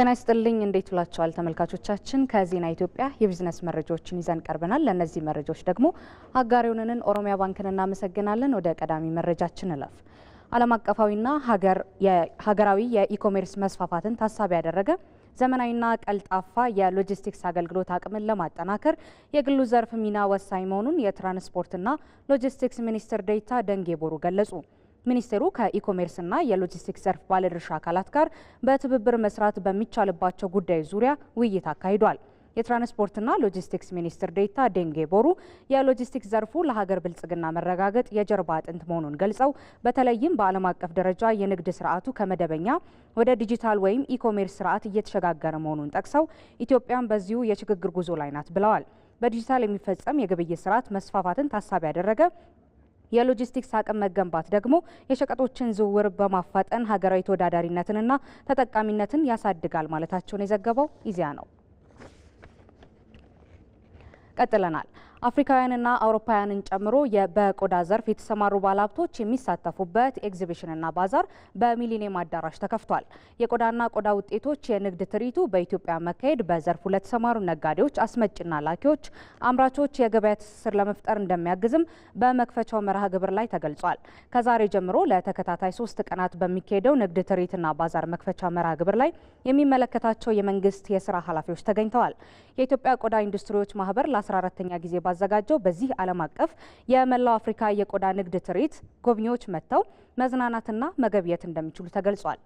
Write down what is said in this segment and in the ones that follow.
ጤና ይስጥልኝ እንዴት ውላችኋል ተመልካቾቻችን። ከዜና ኢትዮጵያ የቢዝነስ መረጃዎችን ይዘን ቀርበናል። ለእነዚህ መረጃዎች ደግሞ አጋሪውንን ኦሮሚያ ባንክን እናመሰግናለን። ወደ ቀዳሚ መረጃችን እለፍ። ዓለም አቀፋዊና ሀገራዊ የኢኮሜርስ መስፋፋትን ታሳቢ ያደረገ ዘመናዊና ቀልጣፋ የሎጂስቲክስ አገልግሎት አቅምን ለማጠናከር የግሉ ዘርፍ ሚና ወሳኝ መሆኑን የትራንስፖርትና ሎጂስቲክስ ሚኒስትር ዴኤታ ደንጌ ቦሩ ገለጹ። ሚኒስቴሩ ከኢኮሜርስና የሎጂስቲክስ ዘርፍ ባለድርሻ አካላት ጋር በትብብር መስራት በሚቻልባቸው ጉዳይ ዙሪያ ውይይት አካሂዷል። የትራንስፖርትና ሎጂስቲክስ ሚኒስትር ዴታ ዴንጌ ቦሩ የሎጂስቲክስ ዘርፉ ለሀገር ብልጽግና መረጋገጥ የጀርባ አጥንት መሆኑን ገልጸው በተለይም በዓለም አቀፍ ደረጃ የንግድ ስርዓቱ ከመደበኛ ወደ ዲጂታል ወይም ኢኮሜርስ ስርዓት እየተሸጋገረ መሆኑን ጠቅሰው ኢትዮጵያን በዚሁ የሽግግር ጉዞ ላይ ናት ብለዋል። በዲጂታል የሚፈጸም የግብይት ስርዓት መስፋፋትን ታሳቢ ያደረገ የሎጂስቲክስ አቅም መገንባት ደግሞ የሸቀጦችን ዝውውር በማፋጠን ሀገራዊ ተወዳዳሪነትንና ተጠቃሚነትን ያሳድጋል ማለታቸውን የዘገበው ኢዜአ ነው። ቀጥለናል። አፍሪካውያንና አውሮፓውያንን ጨምሮ በቆዳ ዘርፍ የተሰማሩ ባለሀብቶች የሚሳተፉበት ኤግዚቢሽንና ባዛር በሚሊኒየም አዳራሽ ተከፍቷል። የቆዳና ቆዳ ውጤቶች የንግድ ትርኢቱ በኢትዮጵያ መካሄድ በዘርፉ ለተሰማሩ ነጋዴዎች፣ አስመጭና ላኪዎች፣ አምራቾች የገበያ ትስስር ለመፍጠር እንደሚያግዝም በመክፈቻው መርሃ ግብር ላይ ተገልጿል። ከዛሬ ጀምሮ ለተከታታይ ሶስት ቀናት በሚካሄደው ንግድ ትርኢትና ባዛር መክፈቻ መርሃ ግብር ላይ የሚመለከታቸው የመንግስት የስራ ኃላፊዎች ተገኝተዋል። የኢትዮጵያ ቆዳ ኢንዱስትሪዎች ማህበር ለ14ተኛ ጊዜ ባዘጋጀው በዚህ ዓለም አቀፍ የመላው አፍሪካ የቆዳ ንግድ ትርኢት ጎብኚዎች መጥተው መዝናናትና መገብየት እንደሚችሉ ተገልጿል።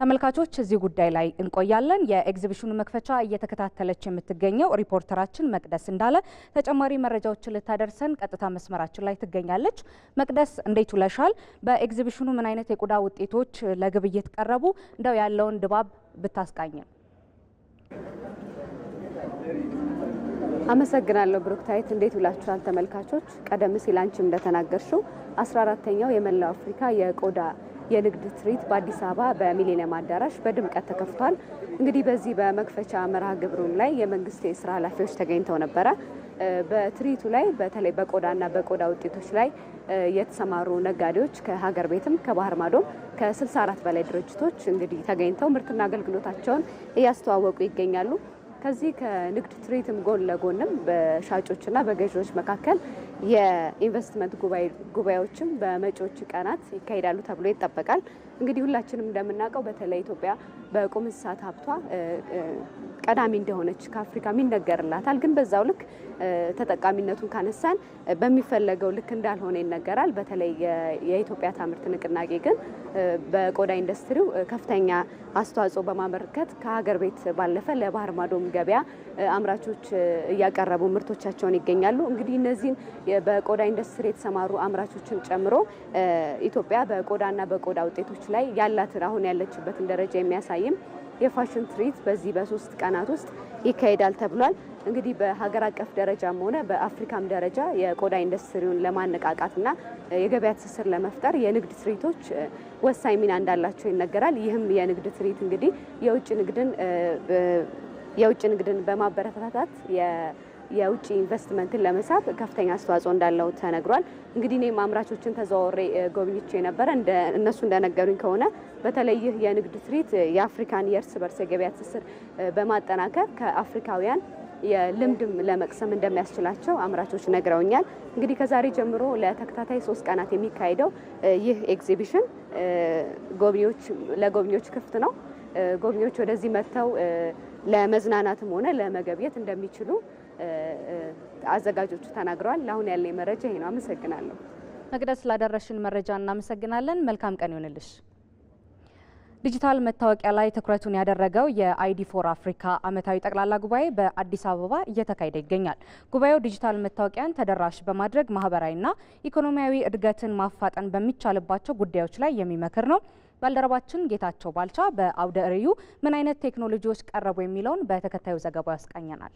ተመልካቾች እዚህ ጉዳይ ላይ እንቆያለን። የኤግዚቢሽኑ መክፈቻ እየተከታተለች የምትገኘው ሪፖርተራችን መቅደስ እንዳለ ተጨማሪ መረጃዎችን ልታደርሰን ቀጥታ መስመራችን ላይ ትገኛለች። መቅደስ እንዴት ውለሻል? በኤግዚቢሽኑ ምን አይነት የቆዳ ውጤቶች ለግብይት ቀረቡ? እንደው ያለውን ድባብ ብታስቃኝም አመሰግናለሁ ብሩክታይት። እንዴት ውላችኋል ተመልካቾች? ቀደም ሲል አንቺም እንደተናገርሽው 14ተኛው የመላው አፍሪካ የቆዳ የንግድ ትርኢት በአዲስ አበባ በሚሊኒየም አዳራሽ በድምቀት ተከፍቷል። እንግዲህ በዚህ በመክፈቻ መርሃ ግብሩም ላይ የመንግስት የስራ ኃላፊዎች ተገኝተው ነበረ። በትርኢቱ ላይ በተለይ በቆዳና በቆዳ ውጤቶች ላይ የተሰማሩ ነጋዴዎች ከሀገር ቤትም ከባህር ማዶም ከ64 በላይ ድርጅቶች እንግዲህ ተገኝተው ምርትና አገልግሎታቸውን እያስተዋወቁ ይገኛሉ። ከዚህ ከንግድ ትርኢትም ጎን ለጎንም በሻጮችና በገዢዎች መካከል የኢንቨስትመንት ጉባኤዎችም በመጪዎቹ ቀናት ይካሄዳሉ ተብሎ ይጠበቃል። እንግዲህ ሁላችንም እንደምናውቀው በተለይ ኢትዮጵያ በቁም እንስሳት ሀብቷ ቀዳሚ እንደሆነች ከአፍሪካም ይነገርላታል። ግን በዛው ልክ ተጠቃሚነቱን ካነሳን በሚፈለገው ልክ እንዳልሆነ ይነገራል። በተለይ የኢትዮጵያ ታምርት ንቅናቄ ግን በቆዳ ኢንዱስትሪው ከፍተኛ አስተዋጽኦ በማበርከት ከሀገር ቤት ባለፈ ለባህር ማዶም ገበያ አምራቾች እያቀረቡ ምርቶቻቸውን ይገኛሉ። እንግዲህ እነዚህን በቆዳ ኢንዱስትሪ የተሰማሩ አምራቾችን ጨምሮ ኢትዮጵያ በቆዳና በቆዳ ውጤቶች ላይ ያላትን አሁን ያለችበትን ደረጃ የሚያሳይ በተለይም የፋሽን ትርኢት በዚህ በሶስት ቀናት ውስጥ ይካሄዳል ተብሏል። እንግዲህ በሀገር አቀፍ ደረጃም ሆነ በአፍሪካም ደረጃ የቆዳ ኢንዱስትሪውን ለማነቃቃትና የገበያ ትስስር ለመፍጠር የንግድ ትርኢቶች ወሳኝ ሚና እንዳላቸው ይነገራል። ይህም የንግድ ትርኢት እንግዲህ የውጭ ንግድን የውጭ ንግድን በማበረታታት የውጭ ኢንቨስትመንትን ለመሳብ ከፍተኛ አስተዋጽኦ እንዳለው ተነግሯል። እንግዲህ እኔም አምራቾችን ተዘዋውሬ ጎብኝቼ የነበረ እነሱ እንደነገሩኝ ከሆነ በተለይ ይህ የንግድ ትርኢት የአፍሪካን የእርስ በርስ የገበያ ትስስር በማጠናከር ከአፍሪካውያን የልምድም ለመቅሰም እንደሚያስችላቸው አምራቾች ነግረውኛል። እንግዲህ ከዛሬ ጀምሮ ለተከታታይ ሶስት ቀናት የሚካሄደው ይህ ኤግዚቢሽን ለጎብኚዎች ክፍት ነው። ጎብኚዎች ወደዚህ መጥተው ለመዝናናትም ሆነ ለመገብየት እንደሚችሉ አዘጋጆቹ ተናግረዋል። ለአሁን ያለኝ መረጃ ይሄ ነው። አመሰግናለሁ። መቅደስ ስላደረሽን መረጃ እናመሰግናለን። መልካም ቀን ይሆንልሽ። ዲጂታል መታወቂያ ላይ ትኩረቱን ያደረገው የአይዲ ፎር አፍሪካ ዓመታዊ ጠቅላላ ጉባኤ በአዲስ አበባ እየተካሄደ ይገኛል። ጉባኤው ዲጂታል መታወቂያን ተደራሽ በማድረግ ማህበራዊና ኢኮኖሚያዊ እድገትን ማፋጠን በሚቻልባቸው ጉዳዮች ላይ የሚመክር ነው። ባልደረባችን ጌታቸው ባልቻ በአውደ ርዕዩ ምን አይነት ቴክኖሎጂዎች ቀረቡ የሚለውን በተከታዩ ዘገባው ያስቃኘናል።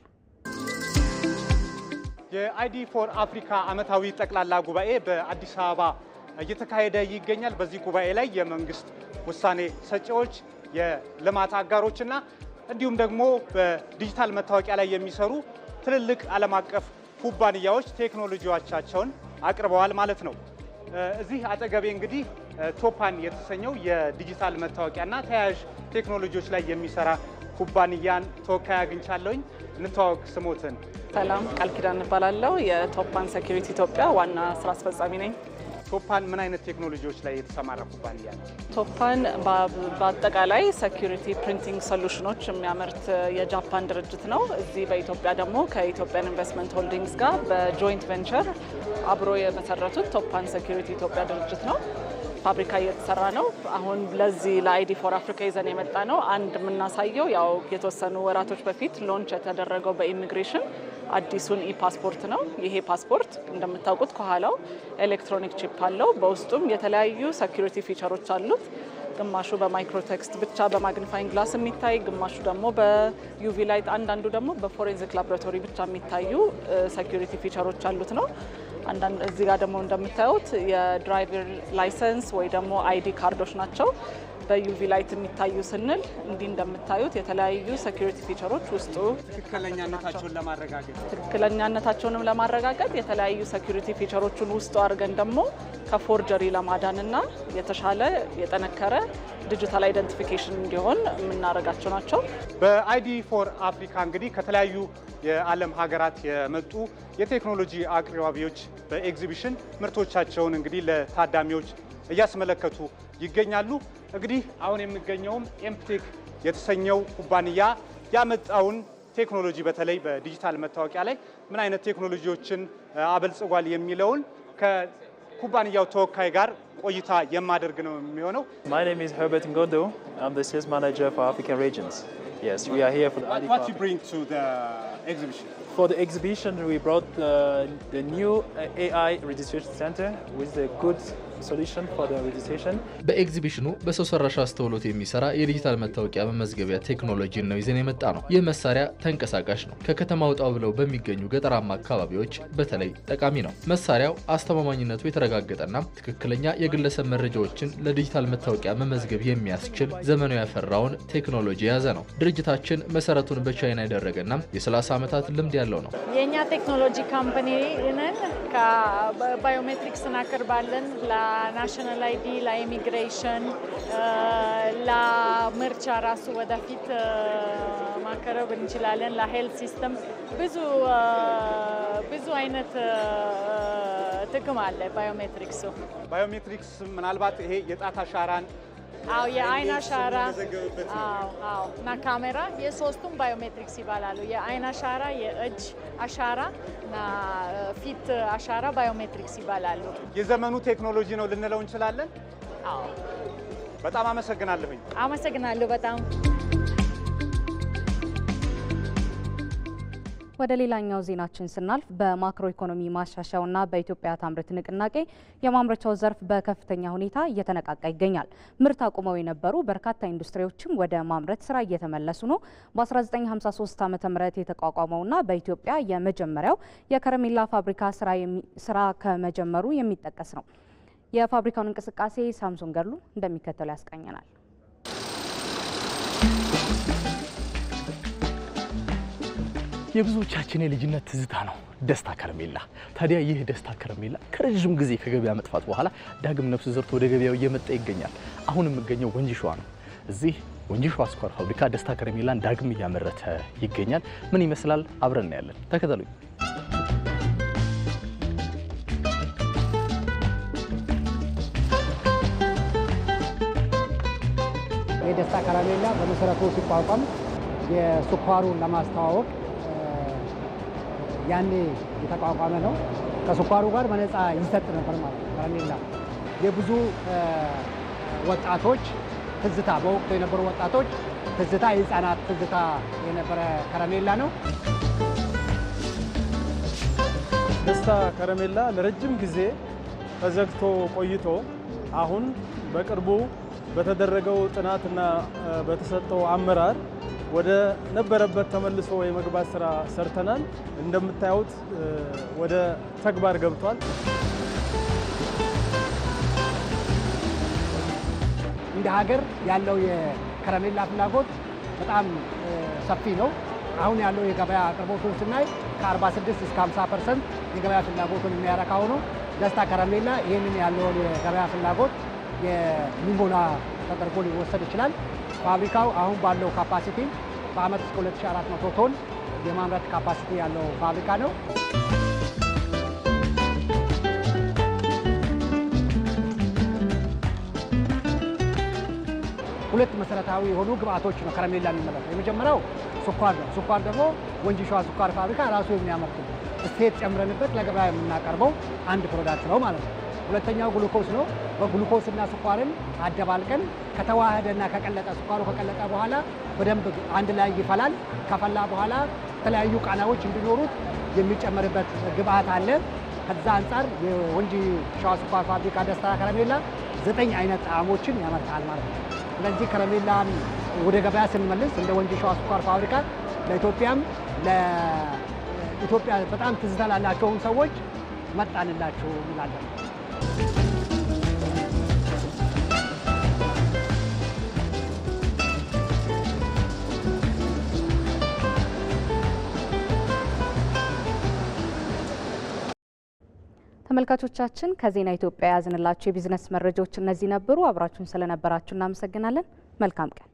የአይዲ ፎር አፍሪካ ዓመታዊ ጠቅላላ ጉባኤ በአዲስ አበባ እየተካሄደ ይገኛል። በዚህ ጉባኤ ላይ የመንግስት ውሳኔ ሰጪዎች፣ የልማት አጋሮችና እንዲሁም ደግሞ በዲጂታል መታወቂያ ላይ የሚሰሩ ትልልቅ ዓለም አቀፍ ኩባንያዎች ቴክኖሎጂዎቻቸውን አቅርበዋል ማለት ነው። እዚህ አጠገቤ እንግዲህ ቶፓን የተሰኘው የዲጂታል መታወቂያና ተያያዥ ቴክኖሎጂዎች ላይ የሚሰራ ኩባንያን ተወካይ አግኝቻለሁኝ። እንተዋወቅ ስሞትን ሰላም ቃል ኪዳን እባላለሁ። የቶፓን ሴኩሪቲ ኢትዮጵያ ዋና ስራ አስፈጻሚ ነኝ። ቶፓን ምን አይነት ቴክኖሎጂዎች ላይ የተሰማራ ኩባንያ ነው? ቶፓን በአጠቃላይ ሴኩሪቲ ፕሪንቲንግ ሶሉሽኖች የሚያመርት የጃፓን ድርጅት ነው። እዚህ በኢትዮጵያ ደግሞ ከኢትዮጵያን ኢንቨስትመንት ሆልዲንግስ ጋር በጆይንት ቬንቸር አብሮ የመሰረቱት ቶፓን ሴኩሪቲ ኢትዮጵያ ድርጅት ነው። ፋብሪካ እየተሰራ ነው። አሁን ለዚህ ለአይዲ ፎር አፍሪካ ይዘን የመጣ ነው። አንድ የምናሳየው ያው የተወሰኑ ወራቶች በፊት ሎንች የተደረገው በኢሚግሬሽን አዲሱን ኢፓስፖርት ነው። ይሄ ፓስፖርት እንደምታውቁት ከኋላው ኤሌክትሮኒክ ቺፕ አለው። በውስጡም የተለያዩ ሰኪሪቲ ፊቸሮች አሉት። ግማሹ በማይክሮቴክስት ብቻ በማግኒፋይንግ ግላስ የሚታይ ግማሹ ደግሞ በዩቪ ላይት፣ አንዳንዱ ደግሞ በፎሬንዚክ ላቦራቶሪ ብቻ የሚታዩ ሰኪሪቲ ፊቸሮች አሉት ነው። አንዳንድ እዚህ ጋር ደግሞ እንደምታዩት የድራይቨር ላይሰንስ ወይ ደግሞ አይዲ ካርዶች ናቸው። በዩቪ ላይት የሚታዩ ስንል እንዲህ እንደምታዩት የተለያዩ ሴኩሪቲ ፊቸሮች ውስጡ ትክክለኛነታቸውን ለማረጋገጥ ትክክለኛነታቸውንም ለማረጋገጥ የተለያዩ ሴኩሪቲ ፊቸሮቹን ውስጡ አድርገን ደግሞ ከፎርጀሪ ለማዳንና የተሻለ የጠነከረ ዲጂታል አይደንቲፊኬሽን እንዲሆን የምናደርጋቸው ናቸው። በአይዲ ፎር አፍሪካ እንግዲህ ከተለያዩ የዓለም ሀገራት የመጡ የቴክኖሎጂ አቅራቢዎች በኤግዚቢሽን ምርቶቻቸውን እንግዲህ ለታዳሚዎች እያስመለከቱ ይገኛሉ። እንግዲህ አሁን የሚገኘውም ኤምፕቴክ የተሰኘው ኩባንያ ያመጣውን ቴክኖሎጂ በተለይ በዲጂታል መታወቂያ ላይ ምን አይነት ቴክኖሎጂዎችን አበልጽጓል የሚለውን ከኩባንያው ተወካይ ጋር ቆይታ የማደርግ ነው የሚሆነው። My name is Herbert Ngondo. I'm the sales manager for African regions. Yes, we are here for the What, what you bring to the exhibition? For the exhibition, we brought the, the new AI registration center with the good በኤግዚቢሽኑ በሰው ሰራሽ አስተውሎት የሚሰራ የዲጂታል መታወቂያ መመዝገቢያ ቴክኖሎጂን ነው ይዘን የመጣ ነው። ይህ መሳሪያ ተንቀሳቃሽ ነው። ከከተማ ውጣ ብለው በሚገኙ ገጠራማ አካባቢዎች በተለይ ጠቃሚ ነው። መሳሪያው አስተማማኝነቱ የተረጋገጠና ትክክለኛ የግለሰብ መረጃዎችን ለዲጂታል መታወቂያ መመዝገብ የሚያስችል ዘመኑ ያፈራውን ቴክኖሎጂ የያዘ ነው። ድርጅታችን መሰረቱን በቻይና ያደረገና የ30 ዓመታት ልምድ ያለው ነው። የእኛ ቴክኖሎጂ ካምፓኒ ነን። ባዮሜትሪክስን አቅርባለን ናሽናል አይዲ፣ ለኢሚግሬሽን፣ ለምርጫ ራሱ ወደፊት ማቅረብ እንችላለን። ለሄልት ሲስተም ብዙ ብዙ አይነት ጥቅም አለ ባዮሜትሪክሱ። ባዮሜትሪክስ ምናልባት ይሄ የጣት አሻራን አው የአይን አሻራ አው አው እና ካሜራ የሶስቱም ባዮሜትሪክስ ይባላሉ። የአይን አሻራ፣ የእጅ አሻራ እና ፊት አሻራ ባዮሜትሪክስ ይባላሉ። የዘመኑ ቴክኖሎጂ ነው ልንለው እንችላለን። አዎ። በጣም አመሰግናለሁኝ። አመሰግናለሁ በጣም ወደ ሌላኛው ዜናችን ስናልፍ በማክሮ ኢኮኖሚ ማሻሻያውና በኢትዮጵያ ታምርት ንቅናቄ የማምረቻው ዘርፍ በከፍተኛ ሁኔታ እየተነቃቃ ይገኛል። ምርት አቁመው የነበሩ በርካታ ኢንዱስትሪዎችም ወደ ማምረት ስራ እየተመለሱ ነው። በ1953 ዓ ም የተቋቋመውና በኢትዮጵያ የመጀመሪያው የከረሜላ ፋብሪካ ስራ ከመጀመሩ የሚጠቀስ ነው። የፋብሪካውን እንቅስቃሴ ሳምሶን ገድሉ እንደሚከተሉ ያስቃኘናል። የብዙዎቻችን የልጅነት ትዝታ ነው ደስታ ከረሜላ። ታዲያ ይህ ደስታ ከረሜላ ከረዥም ጊዜ ከገበያ መጥፋት በኋላ ዳግም ነፍስ ዘርቶ ወደ ገበያው እየመጣ ይገኛል። አሁን የምገኘው ወንጂ ሸዋ ነው። እዚህ ወንጂ ሸዋ ስኳር ፋብሪካ ደስታ ከረሜላን ዳግም እያመረተ ይገኛል። ምን ይመስላል? አብረን እናያለን። ተከተሉኝ። የደስታ ከረሜላ በመሰረቱ ሲቋቋም የስኳሩን ለማስተዋወቅ ያኔ የተቋቋመ ነው። ከስኳሩ ጋር በነፃ ይሰጥ ነበር ማለት ነው። ከረሜላ የብዙ ወጣቶች ትዝታ፣ በወቅቱ የነበሩ ወጣቶች ትዝታ፣ የህፃናት ትዝታ የነበረ ከረሜላ ነው። ደስታ ከረሜላ ለረጅም ጊዜ ተዘግቶ ቆይቶ አሁን በቅርቡ በተደረገው ጥናትና በተሰጠው አመራር ወደ ነበረበት ተመልሶ የመግባት ስራ ሰርተናል። እንደምታዩት ወደ ተግባር ገብቷል። እንደ ሀገር ያለው የከረሜላ ፍላጎት በጣም ሰፊ ነው። አሁን ያለው የገበያ አቅርቦቱን ስናይ ከ46 እስከ 50 ፐርሰንት የገበያ ፍላጎቱን የሚያረካ ሆኖ ደስታ ከረሜላ ይህንን ያለውን የገበያ ፍላጎት የሚሞላ ተደርጎ ሊወሰድ ይችላል። ፋብሪካው አሁን ባለው ካፓሲቲ በአመት እስከ 2400 ቶን የማምረት ካፓሲቲ ያለው ፋብሪካ ነው። ሁለት መሰረታዊ የሆኑ ግብአቶች ነው ከረሜላ የሚመረተው። የመጀመሪያው ስኳር ነው። ስኳር ደግሞ ወንጂ ሸዋ ስኳር ፋብሪካ ራሱ የሚያመርት እሴት ጨምረንበት ለገበያ የምናቀርበው አንድ ፕሮዳክት ነው ማለት ነው። ሁለተኛው ግሉኮስ ነው። በግሉኮስ እና ስኳርን አደባልቀን ከተዋህደና ከቀለጠ ስኳሩ ከቀለጠ በኋላ በደንብ አንድ ላይ ይፈላል። ከፈላ በኋላ የተለያዩ ቃናዎች እንዲኖሩት የሚጨመርበት ግብአት አለ። ከዛ አንጻር የወንጂ ሸዋ ስኳር ፋብሪካ ደስታ ከረሜላ ዘጠኝ አይነት ጣዕሞችን ያመርታል ማለት ነው። ስለዚህ ከረሜላን ወደ ገበያ ስንመልስ እንደ ወንጂ ሸዋ ስኳር ፋብሪካ ለኢትዮጵያም ለኢትዮጵያ በጣም ትዝታ ላላቸውን ሰዎች መጣንላችሁ እንላለን። ተመልካቾቻችን ከዜና ኢትዮጵያ የያዝንላችሁ የቢዝነስ መረጃዎች እነዚህ ነበሩ። አብራችሁን ስለነበራችሁ እናመሰግናለን። መልካም ቀን።